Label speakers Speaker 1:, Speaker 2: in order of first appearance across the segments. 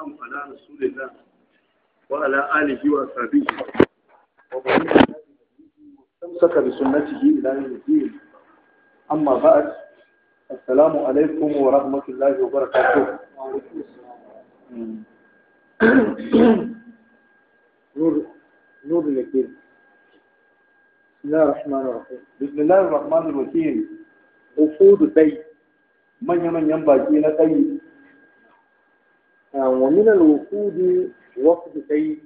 Speaker 1: والسلام على رسول الله وعلى آله وصحبه واستمسك بسنته إلى يوم الدين أما بعد السلام عليكم ورحمة الله وبركاته وعليكم
Speaker 2: نور نور اليقين بسم الله الرحمن الرحيم بسم الله الرحمن الرحيم
Speaker 1: وفود بيت من يمن baki na tsayi wa min al-wuqudi wafd kai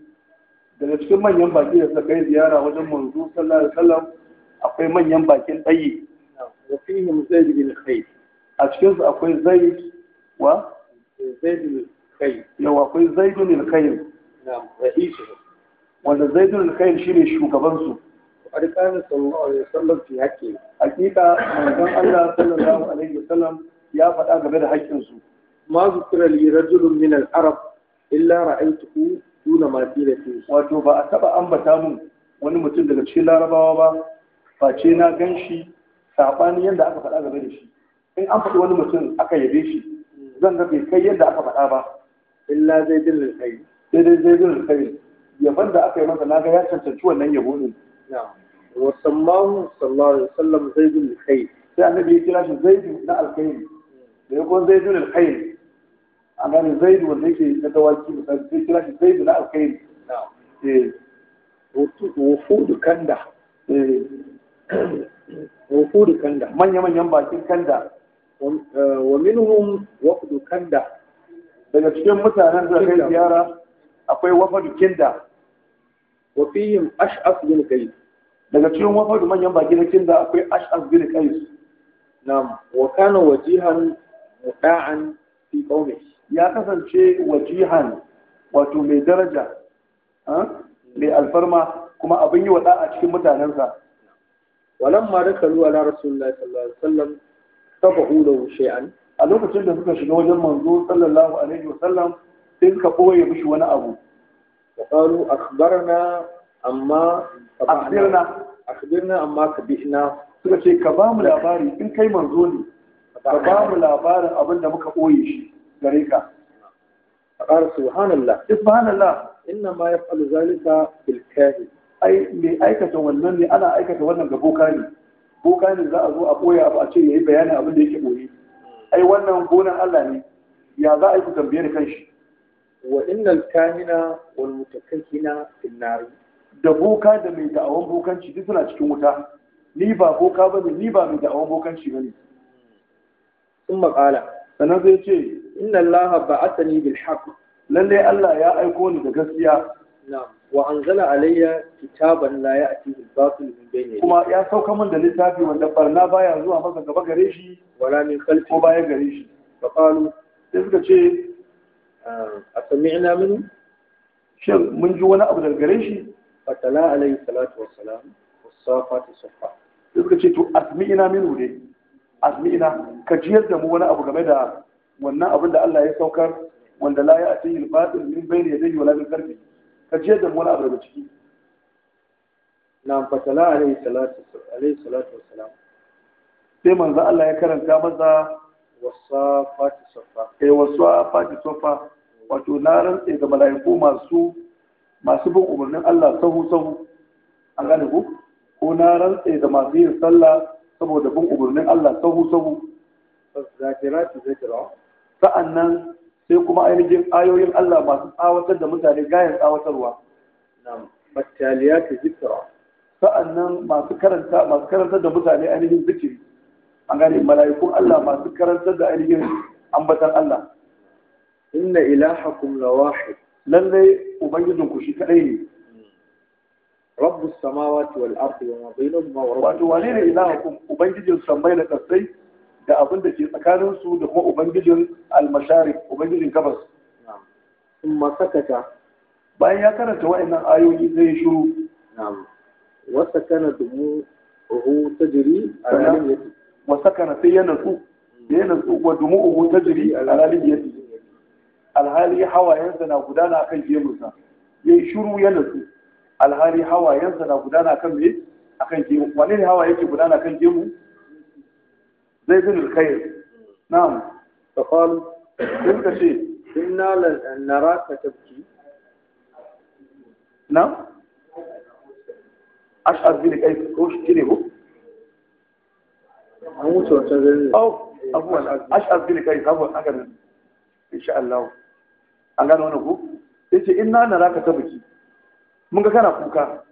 Speaker 1: daga cikin manyan baki da suka kai ziyara wajen manzo sallallahu alaihi wasallam akwai manyan bakin dayi wa fihim zaid bin khayr a cikin su akwai zaid wa zaid bin khayr yawa akwai zaid bin khayr na'am ra'isu wanda zaid bin khayr shine shugaban su arkan sallallahu alaihi wasallam fi haƙƙi hakika manzon Allah sallallahu alaihi wasallam ya faɗa game da haƙƙin su ma zukira li rajulun min al-arab illa ra'aytuhu duna ma qila fi wato ba a taba ambata wani mutum daga cikin larabawa ba face na gan shi saɓani yadda aka faɗa game da shi in an faɗi wani mutum aka yabe shi zan ga bai kai yadda aka faɗa ba illa zai din kai. sai dai zai din rilkai yaban da aka yi masa na ga ya cancanci wannan yabo ne wa sallallahu alaihi wasallam zaidul khair sai annabi ya kira shi zaidu na alkhairi da ya kuma zaidul kai? a gane zaidu wanda yake na dawaki misali sai kira shi zaidu na alkhairi eh. wufudu kanda eh. wufudu kanda manya-manyan bakin kanda wa eh, minhum wafdu kanda daga cikin mutanen da kai ziyara akwai wafadu kinda wa fihim ash'af bin qais daga cikin wafadu manyan baki na kinda akwai ash'af bin qais na'am wa kana wajihan muta'an fi qaumihi ya kasance wajihan wato mai daraja mai alfarma kuma abin yi wada a cikin mutanensa walan ma da kalu ala rasulullahi sallallahu alaihi wasallam tabahu da shay'an a lokacin da suka shiga wajen manzo sallallahu alaihi wasallam sai suka boye mishi wani abu wa qalu akhbarna amma akhbirna akhbirna amma kabihna suka ce ka ba mu labari in kai manzo ne ka ba mu labarin abin da muka boye shi gare ka a ƙara subhanallah subhanallah inna ma yaf'alu zalika bil kahin ai me aikata wannan ne ana aikata wannan ga boka ne za a zo a koya abu a ce yayi bayanin abin da yake boye ai wannan gonan Allah ne ya za a yi ku tambaye kanshi wa innal kahina wal mutakakkina fil nar da boka da mai da'awan bokanci duk suna cikin wuta ni ba boka bane ni ba mai sun ce inna allaha ba'athani bil haqq lalle Allah ya aiko ni da gaskiya wa anzala alayya kitaban la ya'ti bil batil min bayni kuma ya sauka min da littafi wanda barna baya zuwa masa gaba gare shi wala min khalfi ko baya gare shi fa qalu sai suka ce a ah, sami'na min shin mun ji wani abu daga gare shi fatala alayhi salatu wassalam wasafatu safa sai suka ce to asmi'na min ne asmi'na ka jiyar da mu wani abu game da wannan abin da Allah ya saukar wanda la ya ati al-batil min bayni yadayhi wala min khalfi ka je da wani abu daga ciki na fatala alayhi salatu alayhi salatu wassalam sai manzo Allah ya karanta maza wasafati safa eh wasafati safa wato na rantsa ga mala'iku masu masu bin umarnin Allah sahu sahu an gane ku ko na rantsa ga masu yin sallah saboda bin umarnin Allah sahu sahu zakirati zakira sa'annan sai kuma ainihin ayoyin Allah masu tsawatar da mutane gayan tsawatarwa bataliya ta zikira sa'annan masu karanta masu da mutane ainihin zikiri an gane mala'ikun Allah masu karantar da ainihin ambatan Allah inna ilahakum la Lallai ubangijin ku shi kadai ne rabbus samawati wal ardi wa ma bainahuma wa wato wane ne ilahakum ubangijin sammai da kasai da abin da ke tsakanin su da kuma ubangijin almasharif ubangijin gabas thumma sakata bayan ya karanta wa'annan ayoyi zai shuru. na'am wa ta jiri a tajri alaliyati Wasu kana sai ya natsu yana su wa dumu a tajri alaliyati alhali hawayensa na gudana akan gemunsa yi shuru ya natsu alhali hawayensa na gudana akan me akan gemu wane ne hawa yake gudana akan gemu zai bin alkhair na'am fa qalu sun ka ce inna ka naraka tabki na'am ash'ar bi kai ko shi ne ko
Speaker 2: an wuce wata zai
Speaker 1: oh abuwan ash'ar bi kai abuwan haka ne insha Allah an gano ce ko yace inna naraka tabki mun ga kana kuka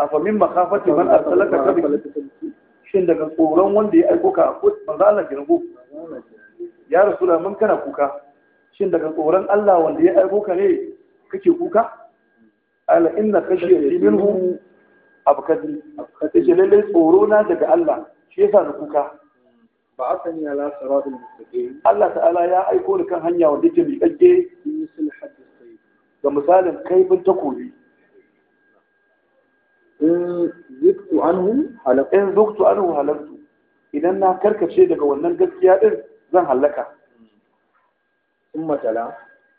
Speaker 1: A afamin makafati man arsalaka tabki shin daga tsoron wanda ya aiko ka ko manzo Allah ke rago ya rasula mun kana kuka shin daga tsoron Allah wanda ya aiko ka ne kake kuka ala inna khashiyati minhu abkadi shi lalle tsoro na daga Allah shi yasa na kuka ba asani ala siratul mustaqim Allah ta'ala ya aiko ni kan hanya wanda yake miƙaƙe ga misalin kaifin takobi ziktu anhum halaktu in zuktu anhum halaktu idan na karkace daga wannan gaskiya din zan halaka thumma tala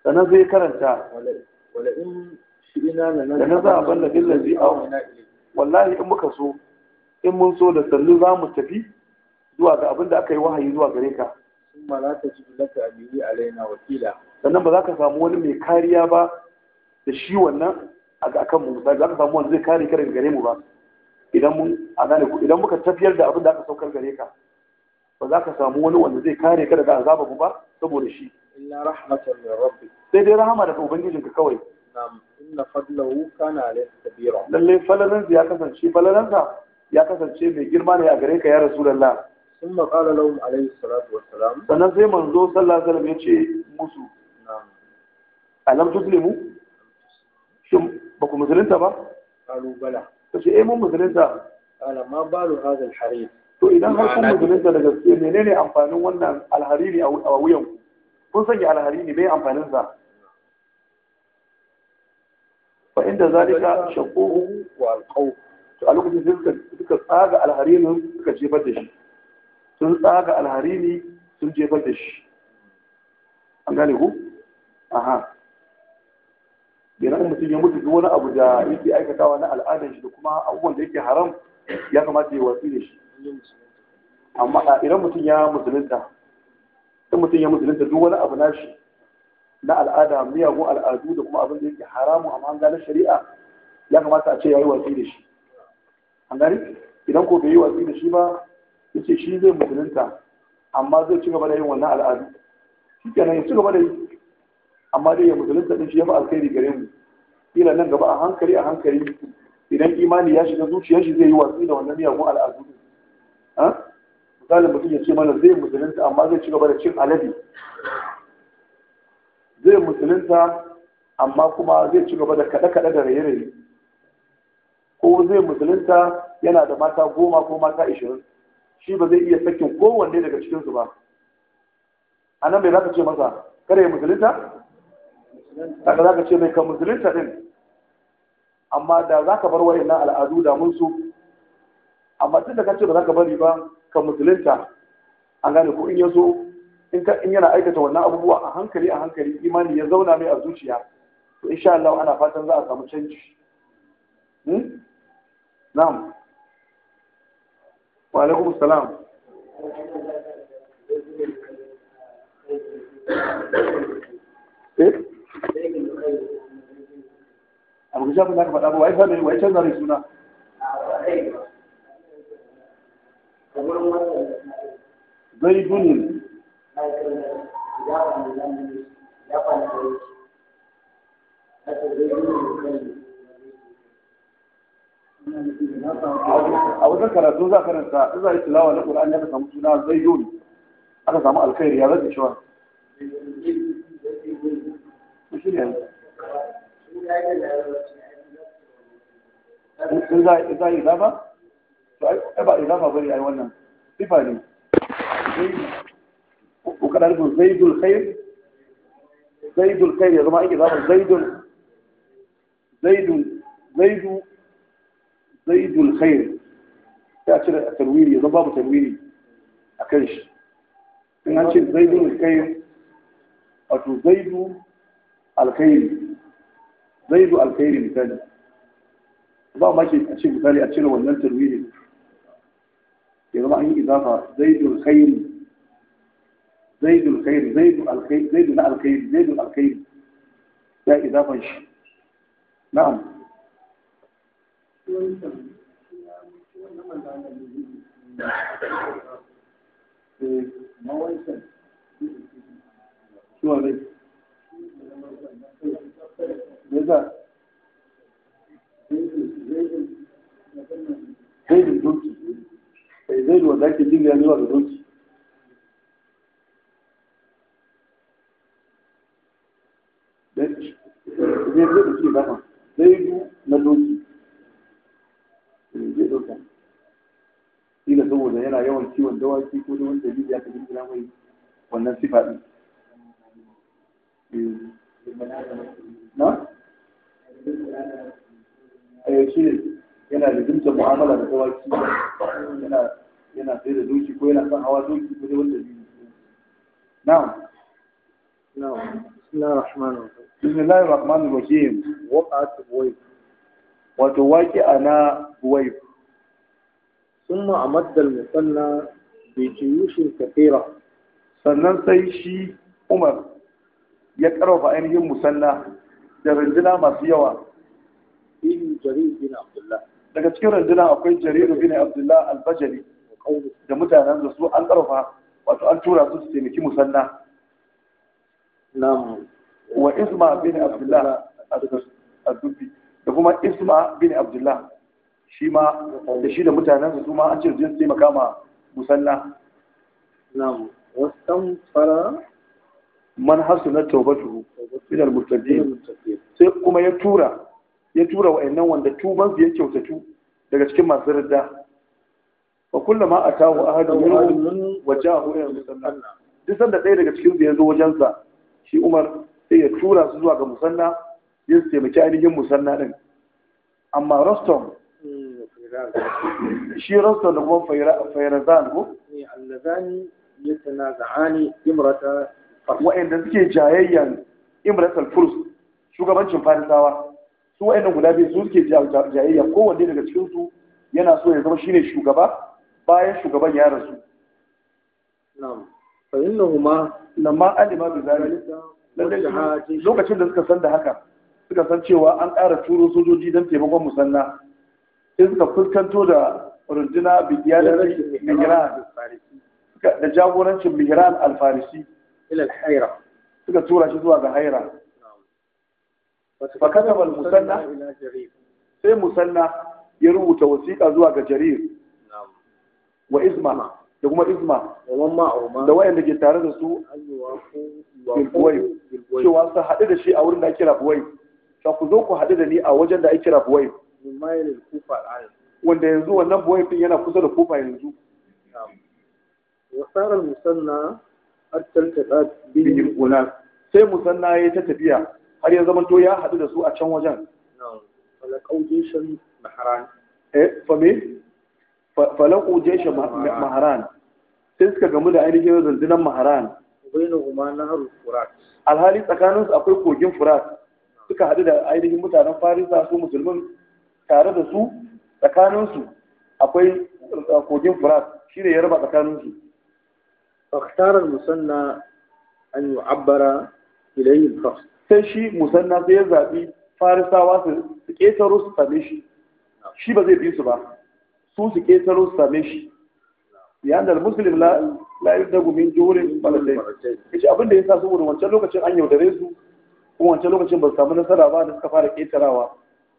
Speaker 1: sanan zai karanta wala in shi'ina na za a balla billazi aw wallahi in muka so in mun so da sallu za mu tafi zuwa ga abinda aka yi wahayi zuwa gare ka thumma la tajidu laka bihi alaina wakila sannan ba za ka samu wani mai kariya ba da shi wannan a kan mu za ka samu wani zai kare kare gare mu ba idan mun a gane ku idan muka tafiyar da abin da aka saukar gare ka ba za ka samu wani wanda zai kare ka daga azaba ba saboda shi
Speaker 2: illa rahmatan min rabbi
Speaker 1: sai dai rahama daga ubangijinka kawai na'am inna fadlahu kana alayka kabira lalle falalan ya kasance falalan ka ya kasance mai girma ne a gare ka ya rasulullah sun maƙala
Speaker 2: lahum alayhi salatu wassalam sannan sai
Speaker 1: manzo sallallahu alaihi wasallam ya ce
Speaker 2: musu na'am
Speaker 1: alam tuslimu shin ba ku musulunta ba qalu bala kace eh mun musulunta ala ma balu hadha al-harir to idan har kun musulunta da gaske menene amfanin wannan alhariri a wuyan ku kun sanya alhariri bai amfanin sa
Speaker 2: fa inda zalika shaquhu
Speaker 1: wa alqaw to a lokacin suka suka tsaga alharirin suka jefar da shi sun tsaga alharini sun jefar da shi an gane ku aha idan mutum ya mutu duk wani abu da yake aikatawa na al'adar shi da kuma abubuwan da yake haram ya kamata ya watsi da shi amma idan mutum ya musulunta in mutum ya musulunta duk wani abu nashi na al'ada miyagun al'adu da kuma abin da yake haramu amma an gane shari'a ya kamata a ce ya yi watsi da shi an gani idan ko bai yi watsi da shi ba ya ce shi zai musulunta amma zai ci gaba da yin wannan al'adu shi kenan ya ci gaba da yi amma dai ya musulunta din shi ya fi alkhairi gare mu kila nan gaba a hankali a hankali idan imani ya shiga zuciyar shi zai yi watsi da wannan miyagun al'adu misali mutum ya ce mana zai musulunta amma zai ci gaba da cin alade zai musulunta amma kuma zai ci gaba da kaɗe-kaɗe da raye-raye ko zai musulunta yana da mata goma ko mata ishirin shi ba zai iya sakin kowanne daga cikinsu ba a nan bai za ka ce masa kada ya musulunta kaga zaka ce mai ka musulunta din amma da zaka bar na al'adu da mun so amma tun da kace ba zaka bari ba ka musulunta an gane ko in ya zo in yana aikata wannan abubuwa a hankali a hankali imani ya zauna mai a zuciya to insha Allah ana fatan za a samu canji hmm? na'am wa alaikum salam abin da aka faɗa ba wai fa mai wai canza mai suna Zai zaidun a wajen karatu za karanta in za a yi tilawa na Qur'ani aka samu suna zaidun aka samu alkhairi ya zai cewa shi yanzu. in za a yi zama to ai ba izama bari ai wannan sifa ne ko kana nufin zaidul khair zaidul khair ya zama ake zama zaidul zaidul zaidu zaidul khair ya cire tarwiri ya zama babu tarwiri a kan shi in an ce zaidul khair wato zaidu alkhairi zaidu alkhairi misali ba ma ke a ce misali a cire wannan tarwiri ya zama an yi izafa zaidul khairi zaidul khairi zaidul alkhairi zaidul alkhairi zaidul alkhairi ya izafan shi na'am
Speaker 2: zaidin doki
Speaker 1: zaidu wanda ake jirgin zuwa ga doki
Speaker 2: zai zai da ke dama zaidu na doki
Speaker 1: zai ɗauka ila saboda yana yawan ciwon dawaki ko da wanda
Speaker 2: dalili aka jirgin mai
Speaker 1: wannan sifa ɗin
Speaker 2: na? a yaushe
Speaker 1: yana da dinta mu'amala da
Speaker 2: dawaki yana yana sai da doki ko yana son hawa doki ko dai wanda biyu na'am na'am
Speaker 1: bismillahir rahmanir rahim waqa'at buwayb wato waqi'a na buwayb ثم أمد المثنى بجيوش كثيرة sannan sai shi umar ya ƙarfafa ainihin musanna da runduna masu yawa فيه جرير بن عبد الله daga cikin rundunar akwai jariru bin abdullah albajali da mutanen da su an karfa wato an tura su su taimaki musanna wa isma bin abdullah a dubi da kuma isma bin abdullah shi ma da shi da mutanen su ma an ce su taimaka ma musanna na'am wasan fara man hasuna tawbatuhu ila al-muttaqin sai kuma ya tura ya tura wa'annan wanda tuban su ya kyautatu daga cikin masu ridda wa kullama atahu ahadun minhum a ila musamman duk sanda ɗaya daga cikin su ya wajen sa shi Umar sai ya tura su zuwa ga musamman ya taimaki ainihin musamman din amma Rostom
Speaker 2: hmm,
Speaker 1: shi Rostom da kuma Fairazan ko
Speaker 2: allazani
Speaker 1: yatanaza'ani imrata wa'anda suke jayayyan imratal furs shugabancin farisawa su wa'annan guda biyu su suke jayayya kowanne daga cikin su yana so ya zama shi ne shugaba bayan shugaban ya rasu lamma alima bi lokacin da suka san da haka suka san cewa an ƙara turo sojoji don taimakon musanna sai suka fuskanto da runduna bigiyanar mihran da jagorancin mihran alfarisi suka tura shi zuwa ga haira fakata bal musanna sai musanna ya rubuta wasiƙa zuwa ga jarir wa izma da kuma izma da wayanda ke tare da su bilbuwai cewa su haɗu da shi a wurin da ake kira buwai ta ku zo ku haɗu da ni a wajen da ake kira buwai wanda yanzu wannan buwai din yana kusa da yanzu musanna sai musanna ya ta tafiya har ya zamanto ya haɗu da su a can wajen falan ujeshe eh, maharan sai suka gamu da ainihin rundunan maharan alhali tsakaninsu akwai kogin furat suka haɗu da ainihin mutanen farisa su musulmin tare da su tsakaninsu akwai eh, kogin furat shi ne ya raba tsakaninsu اختار المثنى أن يعبر إليه الفصل sai shi musanna sai ya zaɓi farisawa su ƙetaro su same shi shi ba zai bi su ba su su ƙetaro su same shi yayin da muslim da yi dagu min juhurin baladai yace abin da ya sa su wurin wancan lokacin an yaudare su kuma wancan lokacin ba su samu nasara ba da suka fara ƙetarawa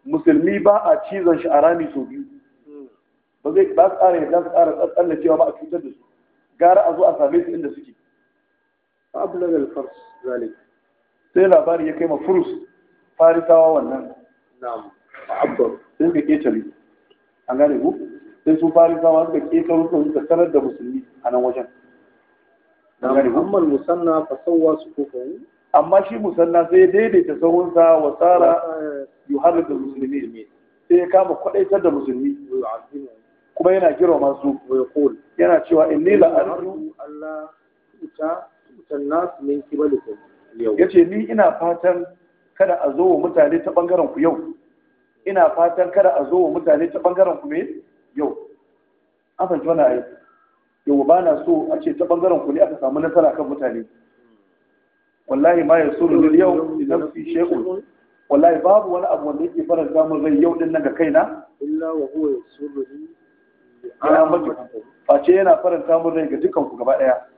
Speaker 1: musulmi ba a cizon shi a rami sau biyu ba zai ba su ƙara yadda su ƙara tsallacewa ba a cutar da su gara a zo a same su inda suke. Ablagal Fars Zalik. sai labari ya kai ma furus farisawa wannan
Speaker 2: sai
Speaker 1: suka ketare an gane ku sai su farisawa suka ketare su suka sanar da musulmi a nan wajen an gane ku amma musanna fa sawwa shi musanna sai ya daidaita sauransa wa tsara eh. yuharrik da musulmi sai ya kama kwadaitar da musulmi kuma yana girma su yana cewa inni la'arju Allah ta tannas min kibalikum ya ce ni ina fatan kada a zo wa mutane ta bangaren ku yau ina fatan kada a zo wa mutane ta bangaren ku me yau an fahimci wannan ayi yau ba na so a ce ta bangaren ku ne aka samu nasara kan mutane wallahi ma yasuru lil yau idan fi shehu wallahi babu wani abu wanda yake faranta min rai yau din nan ga kaina
Speaker 2: illa wa huwa yasuru li ya mace
Speaker 1: ce yana faranta min rai ga dukan ku gaba daya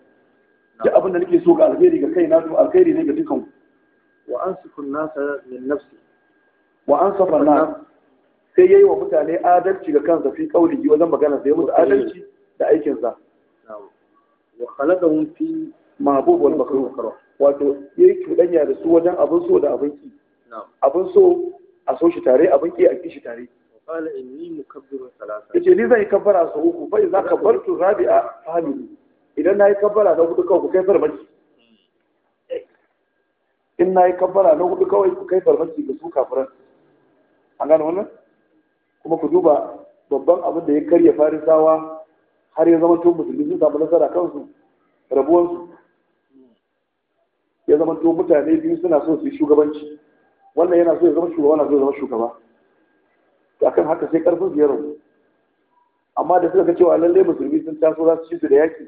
Speaker 1: da abin da nake so ga alheri ga kai na to alheri ne ga dukan wa ansifu nasa min nafsi wa ansafa nas sai yayi wa mutane adalci ga kansa fi yi wajen magana sai mutu adalci da aikin sa wa khalaqahum fi mahbub wal makruh wato yayi cudanya da su wajen abin so da abin ki abin so a so shi tare abin ki a ki shi tare
Speaker 2: salata yace ni ثلاثة. يجي
Speaker 1: لي زي كبر أسوه فإذا كبرت رابعة فهمني. idan na yi kabbala na hudu kawai ku kai farmaki in na yi kabbala na hudu kawai ku kai farmaki ga su kafiran an gano wannan kuma ku duba babban abin da ya karya farisawa har ya zama tun musulmi sun samu nasara kansu rabuwansu ya zama tun mutane biyu suna so su yi shugabanci wannan yana so ya zama shugaba na so ya zama shugaba to akan haka sai karfin su ya rabu amma da suka ga cewa lallai musulmi sun taso za su ci su da yaki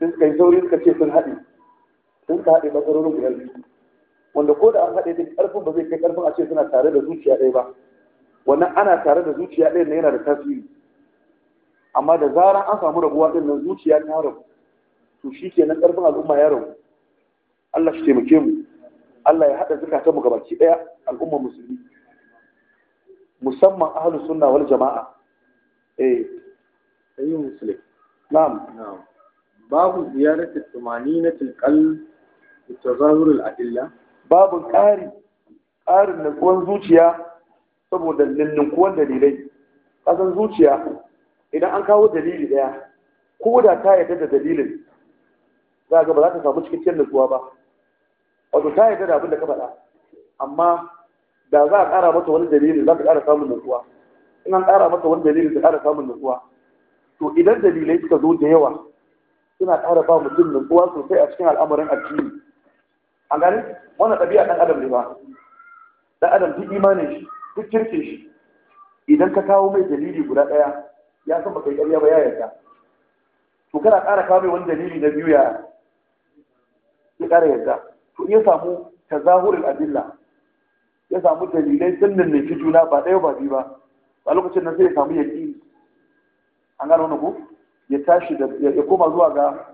Speaker 1: Sun kai saurin ka ce sun haɗe sun ka haɗe matsalolin guda biyu wanda ko da an haɗe duk ƙarfin ba zai kai ƙarfin a ce suna tare da zuciya ɗaya ba wannan ana tare da zuciya ɗaya ne yana da tasiri amma da zaran an samu rabuwa ɗin nan zuciya ta rabu to shi ke nan ƙarfin al'umma ya rabu Allah shi taimake mu Allah ya haɗa zukatan mu gabaki ɗaya al'umma musulmi musamman ahlu sunna wal jama'a eh ayyuhum muslim na'am na'am babu ziyaratul na qalb da tazahurul adilla babu ƙari ƙarin natsuwan zuciya saboda ninninkuwan dalilai kasan zuciya idan an kawo dalili ɗaya ko da ta yarda da dalilin za ga ba za ta samu cikakken natsuwa ba wato ta yarda da abin da ka faɗa amma da za a ƙara mata wani dalilin za ta ƙara samun natsuwa in ƙara mata wani dalilin ta ƙara samun natsuwa to idan dalilai suka zo da yawa suna ƙara ba mutum nutsuwa sosai a cikin al'amarin addini A gani wannan ɗabi'a ɗan adam ne ba ɗan adam duk imanin shi duk kirkin shi idan ka kawo mai dalili guda ɗaya ya san baka yi ƙarya ba ya yarda to kana ƙara kawo mai wani dalili na biyu ya ya ƙara yarda to ya samu tazahurul adilla ya samu dalilai sun nannaci juna ba ɗaya ba biyu ba a lokacin nan sai ya samu yaƙi an gano na ku ya tashi da ya koma zuwa ga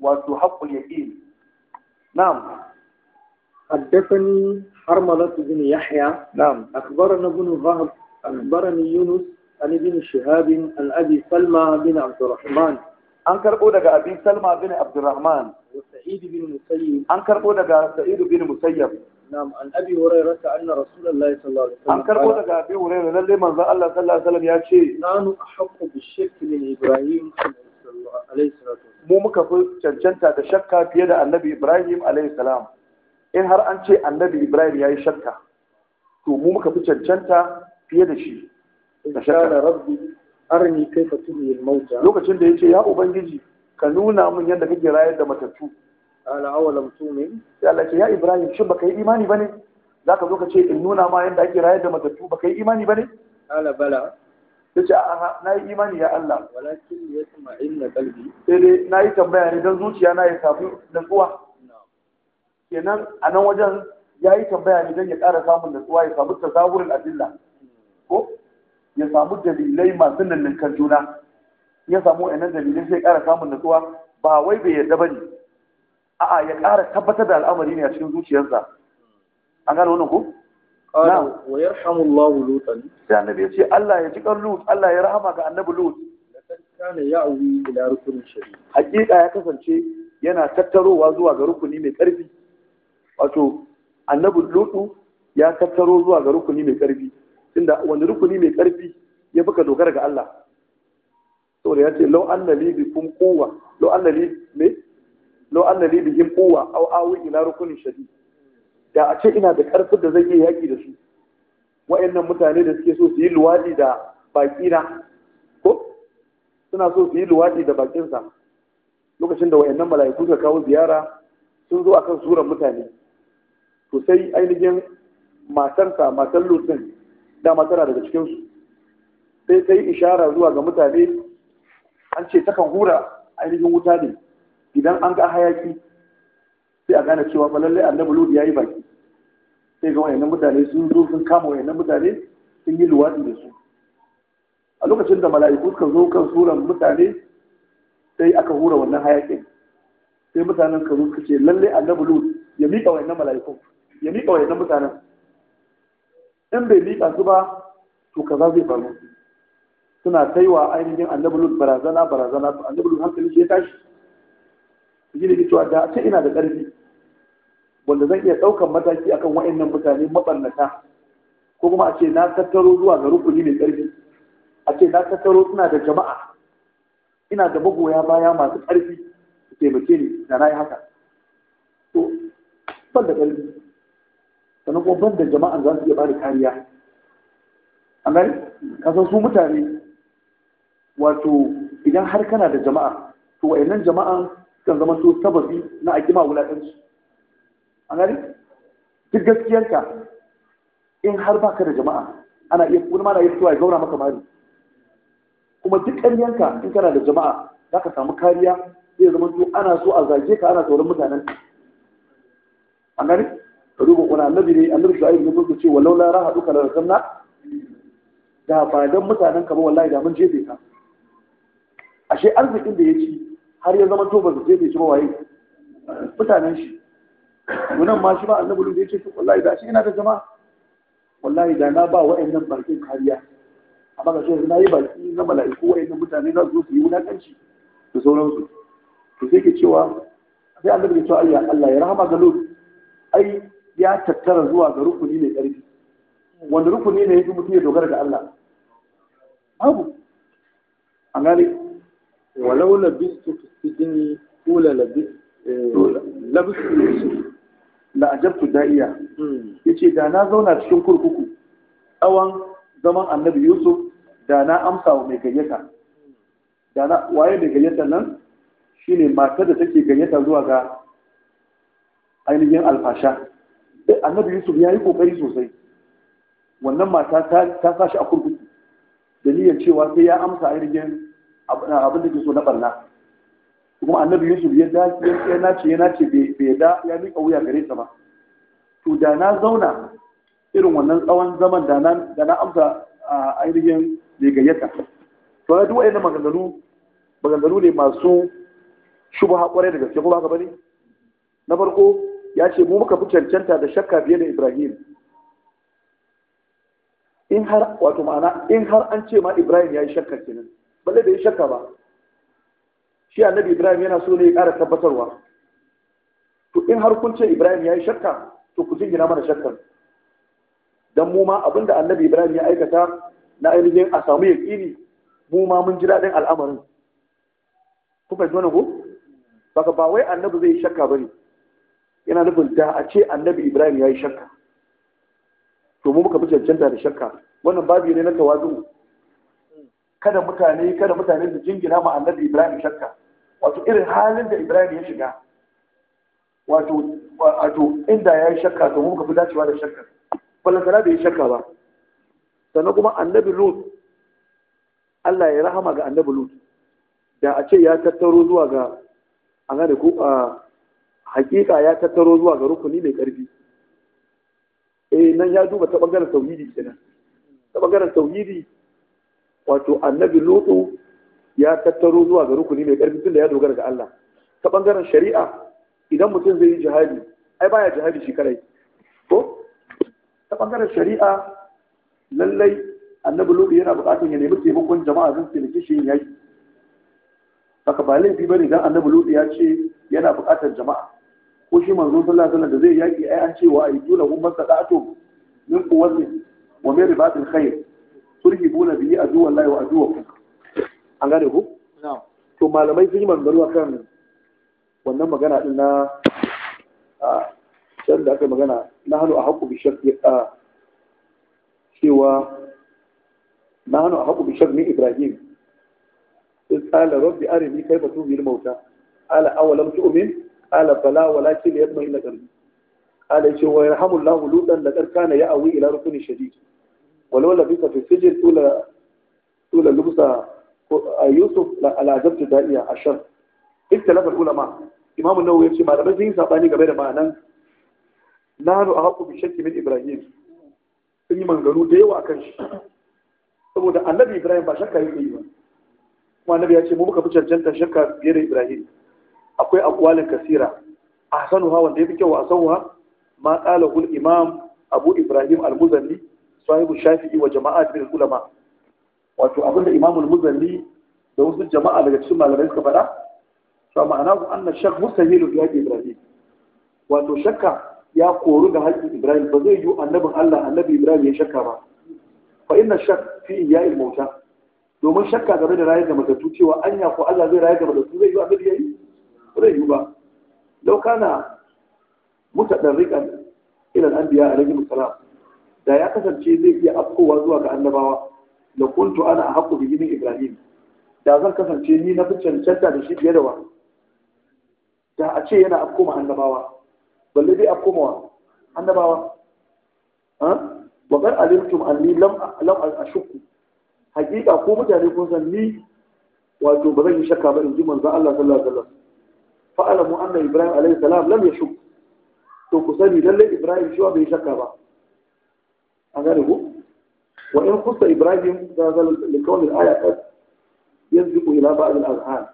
Speaker 1: wato ya yaqin na'am
Speaker 2: حدثني
Speaker 1: حرملة بن يحيى نعم أخبرنا ابن ظهر أخبرني يونس Yunus, ابن شهاب عن أبي سلمى Salma bin الرحمن an karɓo daga abin salma bin abdurrahman sa'id bin musayyib an karɓo daga sa'id bin musayyib نعم عن أبي هريرة أن رسول الله صلى الله عليه وسلم عن كربو mu muka fi cancanta da shakka fiye da annabi Ibrahim alaihi salam in har an ce annabi Ibrahim ya yi shakka to mu muka fi cancanta fiye da shi da shakka rabbi arni kaifa mauta lokacin da yace ya ubangiji ka nuna min yadda kake rayar da matattu ala awalam tu'min sai Allah ce ya Ibrahim shin baka yi imani bane zaka zo ka ce in nuna ma yanda ake rayar da matattu baka yi imani bane
Speaker 2: ala bala
Speaker 1: ya ce a'a na yi imani ya Allah walakin ya tuma inna qalbi sai dai na yi tambaya ne don zuciya na ya samu natsuwa kenan a nan wajen ya yi tambaya ne don ya ƙara samun natsuwa ya samu tasawurin adilla ko ya samu dalilai masu kan juna ya samu wa'annan dalilin sai ya ƙara samun natsuwa ba wai bai yarda ba ne a'a ya ƙara tabbatar da al'amari ne a cikin zuciyarsa an gano wani ko na wa yarhamullahu lutan ya nabi yace Allah ya ji lut Allah ya rahama ga annabi lut kana ya'wi ila rukunin shari'i hakika ya kasance yana tattarowa zuwa ga rukuni mai ƙarfi. wato annabi lut ya tattaro zuwa ga rukuni mai ƙarfi. Inda wani rukuni mai ƙarfi ya fuka dogara ga Allah saboda ya ce lau annali bi kun kowa lau annali me lo an li bihim quwwa aw awi ila rukunin Shadi. da a ce ina da karfin da zai iya yaki da su wayannan mutane da suke so su yi luwadi da baki na ko suna so su yi luwadi da bakin sa lokacin da wayannan mala'iku suka kawo ziyara sun zo akan suran mutane to sai ainihin matarsa matar lutsin dama tana daga cikin su sai sai ishara zuwa ga mutane an ce takan hura ainihin wuta ne idan an ga hayaki sai a gane cewa lallai annabi lodi ya yi baki sai ga wayannan mutane sun zo sun kama wayannan mutane sun yi luwaɗi da su a lokacin da mala'iku suka zo kan suran mutane sai aka hura wannan hayakin sai mutanen ka zo suka ce lallai annabi lodi ya miƙa wayannan mala'iku, ya miƙa wayannan mutanen in bai miƙa su ba to kaza zai faru suna kaiwa ainihin annabi lodi barazana barazana to annabi lodi hankali shi ya tashi shi ne cewa da ce ina da ƙarfi wanda zan iya ɗaukan mataki akan wa'annan mutane maɓannata ko kuma a ce na tattaro zuwa ga rukuni mai ƙarfi a ce na tattaro suna da jama'a ina da magoya baya masu ƙarfi su taimake ni da na yi haka to ban da ƙarfi sannan kuma ban da jama'a za su iya ba da kariya amma kasan su mutane wato idan har kana da jama'a to wa'annan jama'a kan zama so sababi na a kima a gani duk gaskiyanka in har baka da jama'a ana iya wani ma na iya fitowa ya gaura maka mari kuma duk ƙaryanka in kana da jama'a za ka samu kariya zai zama to ana so a zage ka ana tsoron mutanen a gani ka duba kuna annabi ne annabi shu'aib ne kuma ce walau la raha duka da rasanna da ba don mutanen ka ba wallahi da mun jefe ka ashe arzikin da ya ci har ya zama to ba su jefe shi ba waye mutanen shi nunan ma shi ba annabi da yake su wallahi da shi ina da jama'a wallahi da na ba wa'annan bakin kariya amma ga shi na yi barki na mala'iku wa'annan mutane za su zo su yi wulakanci da sauransu to sai ke cewa sai annabi ya ce ayya Allah ya rahama ga lut ai ya tattara zuwa ga rukuni mai ƙarfi wanda rukuni ne ya fi mutum ya dogara ga Allah babu an gane walau لبست في السجن قول لبست yusuf la ajabtu da'iya yace da na zauna cikin kurkuku tsawon zaman annabi yusuf da na amsa wa mai gayyata da waye mai gayyata nan shine matar da take gayyata zuwa ga ainihin alfasha annabi yusuf ya yi kokari sosai wannan mata ta sa a kurkuku da niyyar cewa sai ya amsa ainihin abin da ke so na barna kuma annabi yusuf ya nace ya nace bai da ya miƙa wuya gare ta ba to da na zauna irin wannan tsawon zaman da na amsa a ainihin mai gayyata to na duk na maganganu maganganu ne masu shubha kwarai da gaske ko haka bane na farko ya ce mu muka fi cancanta da shakka biye da Ibrahim in har wato ma'ana in har an ce ma Ibrahim ya yi shakka kenan balle bai shakka ba shi annabi ibrahim yana so ne ya ƙara tabbatarwa to in har kun ce ibrahim ya yi shakka to ku jingina mana shakkan dan mu ma abinda annabi ibrahim ya aikata na ainihin a samu yaƙini mu ma mun ji daɗin al'amarin ku fahimci wannan ko baka ba wai annabi zai yi shakka bane yana nufin da a ce annabi ibrahim ya yi shakka to mu muka fi cancanta da shakka wannan babu ne na tawazu kada mutane kada mutane su jingina ma annabi ibrahim shakka wato irin halin da ibrahim ya shiga wato wato inda ya yi shakka to muka fi dacewa da shakka balantana bai yi shakka ba sannan kuma annabi lut Allah ya rahama ga annabi lut da a ce ya tattaro zuwa ga an gane ko a hakika ya tattaro zuwa ga rukuni mai karfi eh nan ya duba ta bangaren tauhidi kenan ta bangaren tauhidi wato annabi lutu ya tattaro zuwa ga rukuni mai karfi da ya dogara ga Allah ta bangaren shari'a idan mutum zai yi jihadi ai baya jihadi shi kadai ko ta bangaren shari'a lallai annabi lutu yana buƙatar ya nemi taimakon jama'a don taimaki shi yayi haka ba laifi bane dan annabi lutu ya ce yana buƙatar jama'a ko shi manzo sallallahu alaihi da zai yaki ai an ce wa ayyuna hum masadatu min quwwatin wa min ribatil khair turhibuna bihi aduwan lahi wa aduwakum an gane ku to malamai sun yi maganganu akan wannan magana din na can da aka magana na hannu a haƙƙo bishar ya cewa na hannu a haƙƙo bishar ne ibrahim in tsala rabbi arini kai batu biyar mauta ala awalam umin ala bala wala walakin yadma ila ƙarni ƙala cewa lahulu lutan da na ya awi ila rukuni shadidi ولو labisa في السجن tula طول lubsa a yusuf la alajabtu da'iya ashar ikhtilafa ulama imam an-nawawi yace malamai sun yi sabani game da ma'anan nanu a haƙƙo bishakki min ibrahim sun yi mangaru da yawa kan shi saboda annabi ibrahim ba shakka yake yi ba kuma annabi ya ce mu muka fi cancanta shakka biyar da ibrahim akwai akwalin kasira sanuwa wanda fi kyau a sanuwa? ma qala hul imam abu ibrahim al sahibu shafi'i wa jama'a min ulama wato abinda imamul muzalli da wasu jama'a daga cikin malamai suka faɗa cewa ma'ana ku anna shak mustahilu ya ibrahim wato shakka ya koru ga haƙƙin ibrahim ba zai yi annabin allah annabi ibrahim ya shakka ba fa inna shak fi iya'il mauta domin shakka game da rayar da matattu cewa anya ko allah zai rayar da matattu zai yi annabi ya yi ba zai yi ba lau kana mutaɗarriƙan ilal anbiya alaihi salam da ya kasance zai iya afkowa zuwa ga annabawa da kuntu ana a haƙƙo bigimin ibrahim da zan kasance ni na fi cancanta da shi fiye da wa da a ce yana afko ma annabawa balle zai afko ma annabawa wa kar alimtum anni lam lam ashukku hakika ko mutane kun san ni wato ba zan yi shakka ba in ji manzo Allah sallallahu alaihi wasallam fa alamu anna ibrahim alaihi salam lam yashuk to ku sani lalle ibrahim shi bai shakka ba an gane ku wa in kusa ibrahim za ga likawar al'aya qad yanzu ila ba'd al-azhan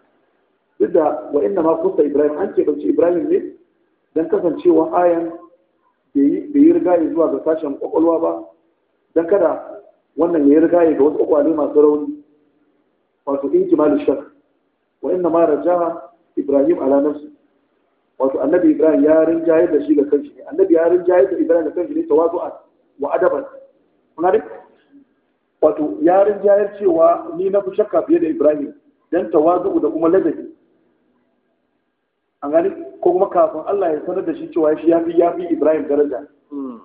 Speaker 1: duk da wa inna ibrahim an ce ibrahim ne dan kasancewa ayan bai yi rigaye zuwa ga kwakwalwa ba dan kada wannan ya yi rigaye ga wasu kwakwale masu rauni wato ijmalu shak wa inna ma rajaha ibrahim ala nafsi wato annabi ibrahim ya rinjaye da shi ga kanshi annabi ya rinjaye da ibrahim da kanshi ne tawazu'an wa adaban kuna ne wato yarin jayar cewa ni na fi shakka fiye da ibrahim don tawazu da kuma ladabi an gani ko kuma kafin Allah ya sanar da shi cewa shi ya fi ya fi ibrahim daraja hmm.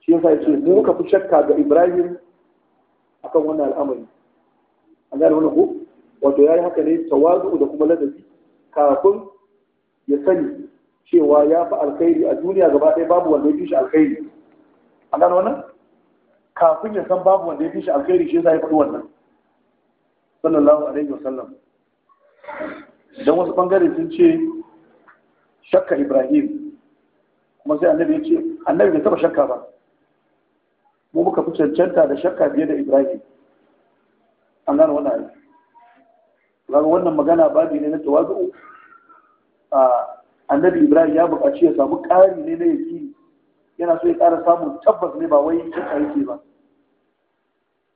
Speaker 1: shi yasa ya ce mu ka fi shakka ga ibrahim akan wannan al'amari an gani wani ko wato ya yi haka ne tawazu da kuma ladabi kafin ya sani cewa ya fi alkhairi a duniya gaba ɗaya babu wanda ya fi shi alkhairi a gano wannan kafin ya san babu wanda ya fi shi alkhairi shi zai faɗi wannan sallallahu alaihi wa sallam dan wasu bangare sun ce shakka ibrahim kuma sai annabi ya ce annabi bai taba shakka ba mu muka fi cancanta da shakka biye da ibrahim an gano wannan ayi kaga wannan magana babi ne na tawazu a annabi ibrahim ya buƙaci ya samu ƙari ne na yin. yana so ya ƙara samun tabbas ne ba wai ta yake ba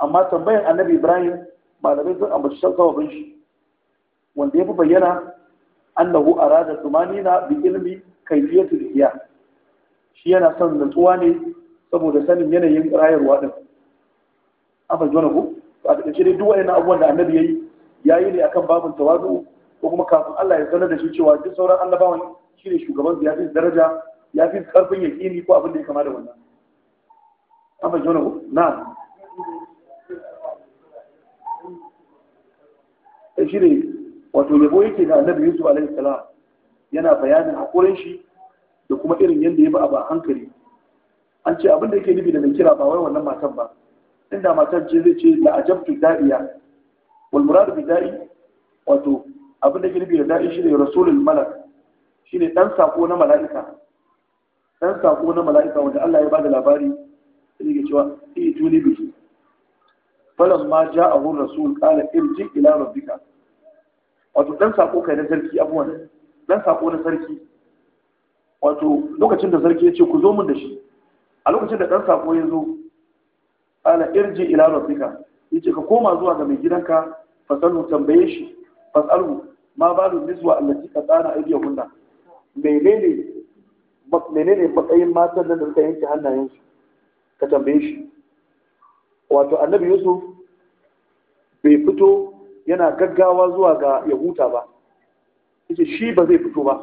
Speaker 1: amma tambayan annabi ibrahim malamai sun ambaci sababin shi wanda ya fi bayyana annahu tumani na bi ilmi kaifiyatu ihya shi yana son natsuwa ne saboda sanin yanayin rayarwa din an fahimci wani ku a takaice dai duk wani abubuwan da annabi ya yi ya yi ne akan babin tawazu ko kuma kafin Allah ya sanar da shi cewa duk sauran annabawan shi ne shugaban su ya fi daraja ya fi karfin yaƙini ko abin da ya kama da wannan an fahimci wani na ta shi ne wato yabo yake da annabi yusuf alaihi yana bayanin haƙurin shi da kuma irin yadda ya ba a hankali an ce abin da yake nufi da mai kira ba wai wannan matan ba inda matan ce zai ce la ajabtu da'iya wal muradu bi da'i wato abin da yake nufi da da'i shine rasulul malak shine dan sako na mala'ika dan sako na mala'ika wanda Allah ya bada labari sai ke cewa i eh, tuni bihi Falon ma ja'ahu rasul qala irji ila rabbika wato dan sako kai na sarki abuwan dan sako na sarki wato lokacin da sarki ya ce ku zo mun da shi a lokacin da dan sako ya zo qala irji ila rabbika yace ka koma zuwa ga mai gidanka fasalu tambaye shi fasalu ma balu niswa allati qatana Mai ne menene matsayin matan nan da suka yanke hannayensu ka tambaye shi wato annabi yusuf bai fito yana gaggawa zuwa ga ya huta ba yace shi ba zai fito ba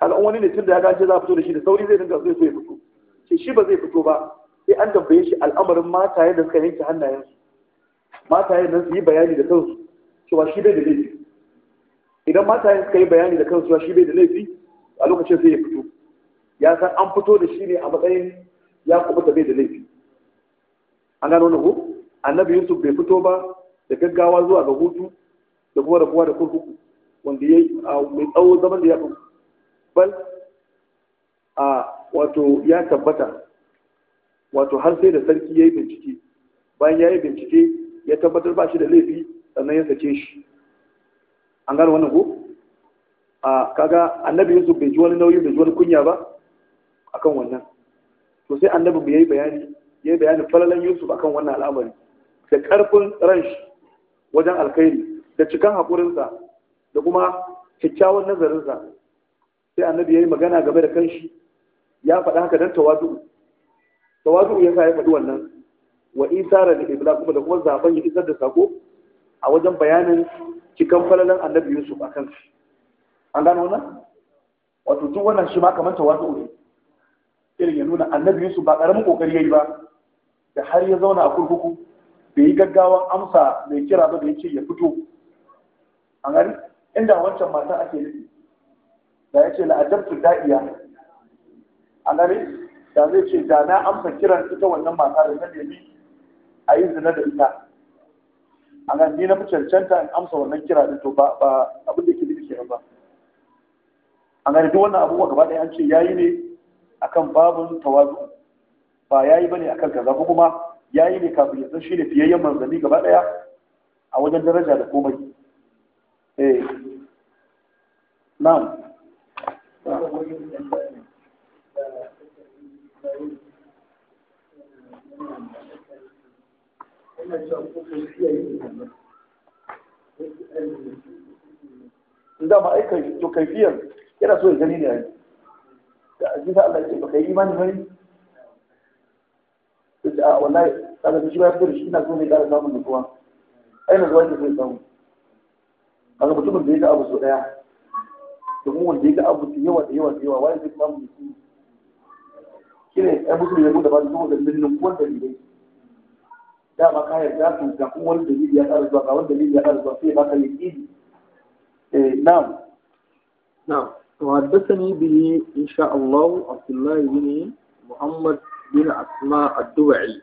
Speaker 1: al'an wani ne tun da ya gace za a fito da shi da sauri zai dinga zai so ya fito ce shi ba zai fito ba sai an tambaye shi al'amarin mataye da suka yanke hannayensu mataye nan su yi bayani da kansu cewa shi bai da laifi idan mataye suka yi bayani da kansu cewa shi bai da laifi a lokacin sai ya fito ya san an fito da shi ne a matsayin ya kubuta bai da laifi an gano na ko annabi yusuf bai fito ba da gaggawa zuwa ga hutu da kuma rabuwa da kurkuku wanda ya yi mai tsawo zaman da ya fi bal a wato ya tabbata wato har sai da sarki ya yi bincike bayan ya yi bincike ya tabbatar ba shi da laifi sannan ya sace shi an gano wannan ko a kaga annabi yusuf bai ji wani nauyi bai ji wani kunya ba akan wannan to sai annabi bai yi bayani yayi bayanin falalan yusuf akan wannan al'amari da karfin ran shi wajen alkhairi da cikan haƙurinsa da kuma kyakkyawan nazarinsa sai annabi ya magana game da kanshi ya faɗa haka dan tawazu tawazu ya sa ya faɗi wannan wa isara da ibla kuma da kuma zaben ya isar da sako a wajen bayanin cikan falalan annabi yusuf akan shi. an gano wannan wato duk wannan shi ma kamar tawazu ne irin ya nuna annabi yusu ba karamin kokari yayi ba da har ya zauna a kurkuku bai yi gaggawan amsa mai kira ba da yake ya fito a gari inda wancan matan ake nufi da ya ce la'ajabtu da'iya a gari da zai ce da na amsa kiran ita wannan mata da na nemi a yi zina da ita a gari ni na fi cancanta in amsa wannan kira da to ba abin da ke nufi kenan ba an gani duk wannan abubuwa gaba ɗaya an ce ya yi ne akan babin tawazu ba ya yi ne a akan kaza ko kuma ya yi ne kafin ya san shi fiye fiyayyen manzanni gaba ɗaya a wajen daraja da komai eh na'am dama ai kai to kaifiyar yana so ya gani ne yanzu da ajiyar Allah ce baka yi imani bane ta ce a wallahi kada shi ba ya shi ina so ne ƙara samun nutsuwa ai na zuwa ki so ya samu kaga mutumin da yake abu so ɗaya domin wanda yake abu da yawa da yawa da yawa wani zai samu nutsuwa shi ne ya musu da da ba su zuwa da minnin kuwan ba. dama ka yarda su ga kuma wani dalili ya tsara zuwa ga wani dalili ya tsara zuwa sai ba ka yi ƙini eh, na'am
Speaker 2: na'am وحدثني به إن شاء الله عبد الله بن محمد بن أسماء الدوعي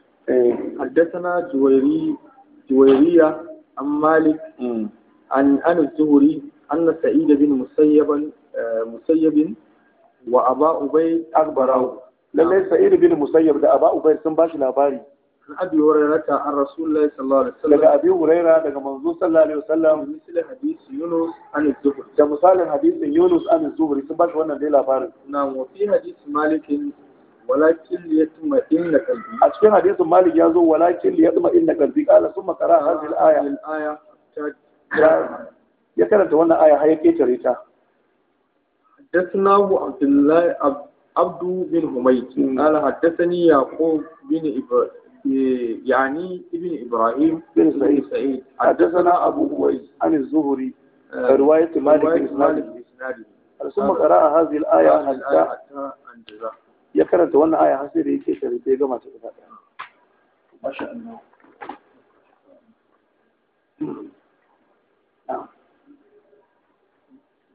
Speaker 2: حدثنا جويري جويرية عن مالك عن أن الزهري أن سعيد بن
Speaker 1: مسيب مسيب وأبا أبي أخبره lallai sa'id bin musayyab da aba ubayr sun bashi labari أبي هريرة عن رسول الله صلى الله عليه وسلم لك أبي هريرة لك منظور صلى الله عليه وسلم مثل حديث يونس عن الزهري كمثال حديث يونس عن الزهري سباش وانا ليلة فارغ نعم وفي حديث مالك ولكن ليطمئن قلبي أشكي حديث مالك يزو ولكن ليطمئن قلبي قال ثم قرأ هذه الآية الآية يكرت وانا آية هي كيتريتا حدثناه عبد الله عبد بن حميد قال
Speaker 2: حدثني يعقوب بن إبراهيم يعني ابن إبراهيم بن سعيد, سعيد. حدثنا أبو هويس عن الزهري آه، رواية مالك بن
Speaker 1: ثم قرأ هذه الآية حتى يكرت وانا آية حسيري كي تريد كما تقول ما شاء الله نعم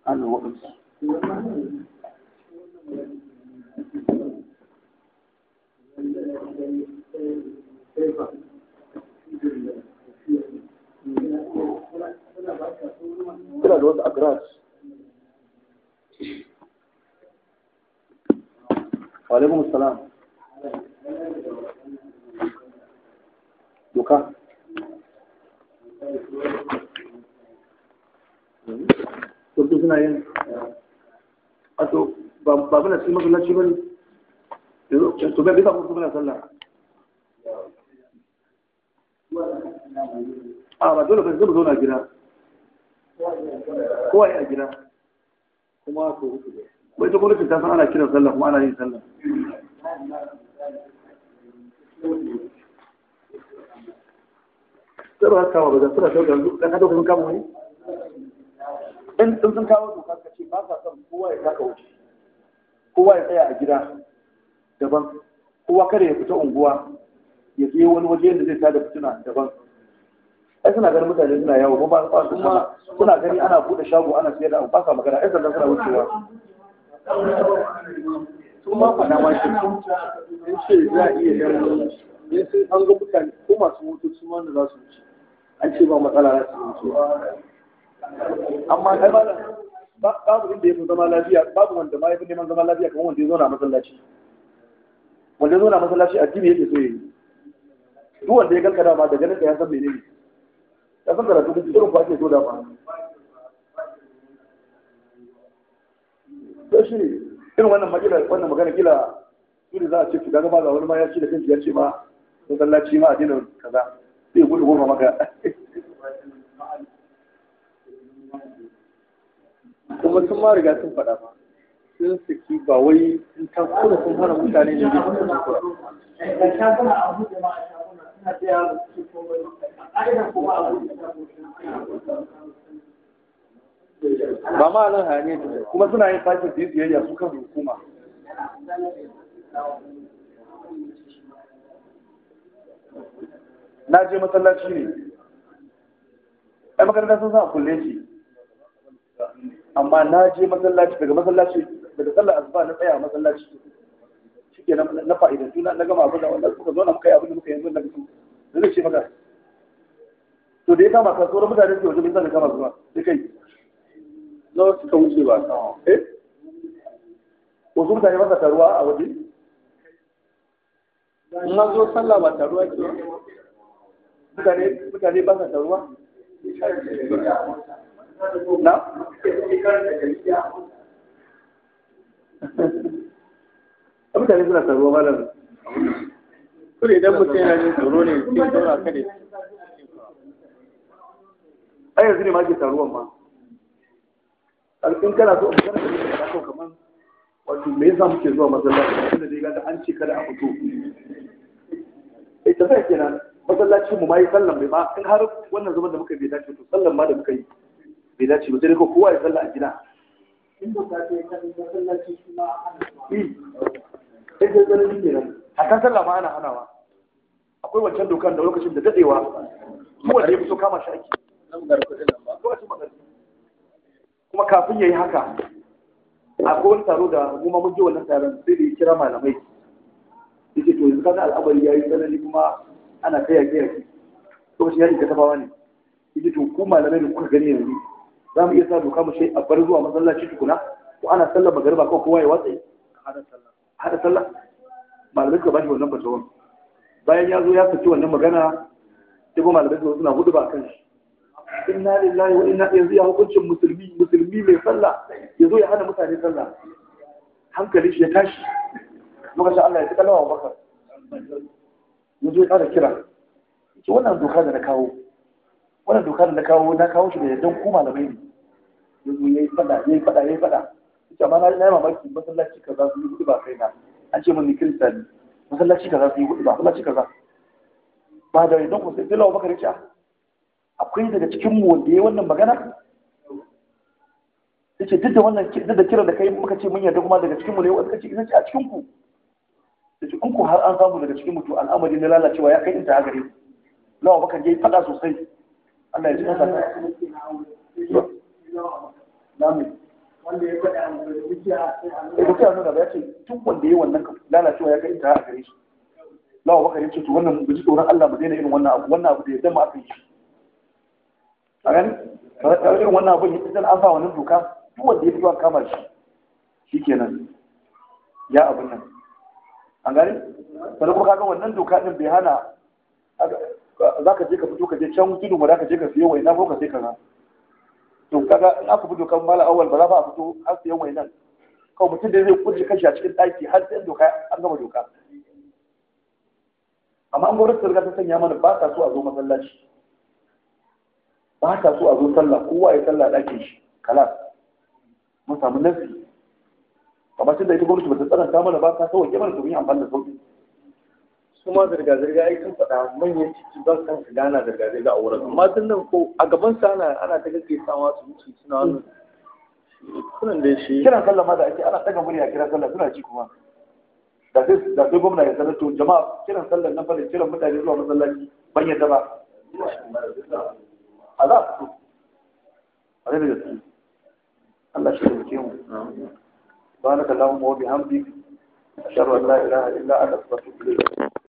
Speaker 1: أنا وأنت
Speaker 2: Thank you. suna da
Speaker 1: wasu salam doka suna yin ba muna cikin ba ne bai bisa kuma sallah a ba dole ba zai zauna gida
Speaker 2: kowa ya gida
Speaker 1: kuma ko hutu. ne bai ta gwamnati ta san ana kiran sallah kuma ana yin sallah sai ba kawo ba za su da sau da kan hada kuma kama wani
Speaker 2: in sun kawo doka ka
Speaker 1: ce ba sa son kowa ya taka wuce kowa ya tsaya a gida daban kowa kada ya fita unguwa ya je wani waje da zai tada fitina daban ai suna ganin mutane suna yawo ba ba kuma suna gani ana bude shago ana sayar da abu ba magana ai sannan suna wucewa
Speaker 2: Kuma ba na ma shi sun ce za a iya yan
Speaker 1: ne sai an ga mutane ko masu wuce su ma da za su wuce an ce
Speaker 2: ba matsala za su wuce amma kai ba
Speaker 1: babu inda ya fi zama lafiya babu wanda ma ya fi neman zama lafiya kamar wanda ya zo na masallaci wanda ya zo na masallaci addini yake so ya yi duk wanda ya ganka dama da ganin da ya san menene ya san karatu da irin ku ake so da ba to shi irin wannan magana wannan magana kila su da za a ce ki daga maza wani ma ya ce da kanki ya ce ma masallaci ma a dina kaza zai gudu goma maka
Speaker 2: kuma sun ma riga sun faɗa ba sun saki ba wai sun takura sun hana mutane ne da su ba ma nan hanyar kuma
Speaker 1: suna yin sake su yi biyayya su kan hukuma na je masallaci ne ɗan makaranta sun sa kulle shi amma na je masallaci daga masallaci daga sallar asuba na tsaya masallaci suke na fa'idan suna na gama abin da wannan suka zo na muka yi abin da muka yanzu na gasu zai ce maka to da ya kama ka sauran mutane su wajen bin zan kama zuwa da kai na wasu kan wuce ba eh wasu mutane ba taruwa a waje na zo sallah ba taruwa ke mutane mutane ba
Speaker 2: sa taruwa na
Speaker 1: a mutane suna tsaro malam su ne idan mutum yana jin tsaro ne sai saura ka ne a yanzu ne ma ke taruwan ma alƙin kana so in kana da kana so kaman wato me yasa muke zuwa masallaci da dai ga an ce kada a fito eh ta sai kenan masallacin mu ma yi sallan bai ba in har wannan zaman da muka bai dace to sallan ma da muka yi bai dace ba sai dai kowa ya salla a gida
Speaker 2: in ba ka je kan masallaci kuma
Speaker 1: sai sai tsanani kenan hakan sallah ma ana hanawa akwai wancan dokan da lokacin da dadewa mu wanda ya fi kama shi ake kuma kafin ya yi haka akwai wani taro da kuma mun je wannan taron sai da ya kira malamai yake to yanzu kaga al'amari ya yi tsanani kuma ana kai yaki yaki lokacin yakin ka tabawa ne yake to ku malamai da kuka gani yanzu za mu iya sa doka mu sai a bar zuwa masallaci tukuna ko ana sallar magariba ko kowa ya watsa a hada sallah hada sallah malamai suka bashi wannan fatawan bayan ya zo ya saki wannan magana sai kuma malamai suka suna hudu ba kan shi inna lillahi wa inna yanzu ya hukuncin musulmi musulmi mai sallah ya zo ya hana mutane sallah hankali shi ya tashi lokacin Allah ya tsaka lawa baka ya zo ya ƙara kira ce wannan doka da na kawo wannan doka da na kawo na kawo shi da yardan ko malamai ne ya zo ya yi fada ya yi fada ya yi fada ita ma na yi mamaki masallaci kaza su yi hudu ba kai na an ce mun ni kirista ne masallaci kaza su yi hudu ba masallaci kaza ba da idan ku sai dilawa baka rica akwai daga cikin mu wanda yi wannan magana yace duk da wannan duk da kiran da kai muka ce mun yarda kuma daga cikin mu ne wanda kace kace a cikin ku yace in ku har an samu daga cikin mu to al'amari na lalacewa ya kai inta a gare ku lawa baka je fada sosai Allah ya ji
Speaker 2: masa
Speaker 1: Amin. wanda ya faɗa da dukiya eh, sai nuna ya ce tun wanda ya wannan lalacewa ya kai ta a gare shi lawa baka yace to wannan mu ji tsoron Allah mu daina irin wannan abu wannan abu da ya zama aka yi a gani kawai irin wannan abu idan an sa wannan doka tun wanda ya fito an kama shi shi kenan ya abin nan an gani sannan kuma kaga wannan doka din bai hana za ka je ka fito ka je can tudu ba za ka je ka siyo waina ko ka sai kaza to kaga in aka fito kan mala awal ba za ba a fito har sai wai nan kawai mutum da zai kudi kashi a cikin ɗaki har sai doka an gama doka amma an gwamnati riga ta sanya mana ba ta so a zo masallaci ba ta so a zo sallah kowa ya sallah ɗakin shi kalas mun samu nasi amma tun da ita gwamnati ba ta tsananta mana ba ta sauwa mana domin amfani da sauƙi Kuma zirga-zirga ai sun faɗa manyan ciki ba san kan su gana zirga-zirga a wurin amma tun nan ko a gaban sa ana ana ta gaske sawa su mutu suna wannan kunan da shi kiran sallah ma da ake ana daga murya kiran sallah suna ci kuma da sai da sai gwamna ya sanar to jama'a kiran sallah na fara kiran mutane zuwa masallaci ban yadda ba a za su a zai da gaske Allah shi da
Speaker 2: mu سبحانك اللهم وبحمدك أشهد أن لا إله إلا أنت أستغفرك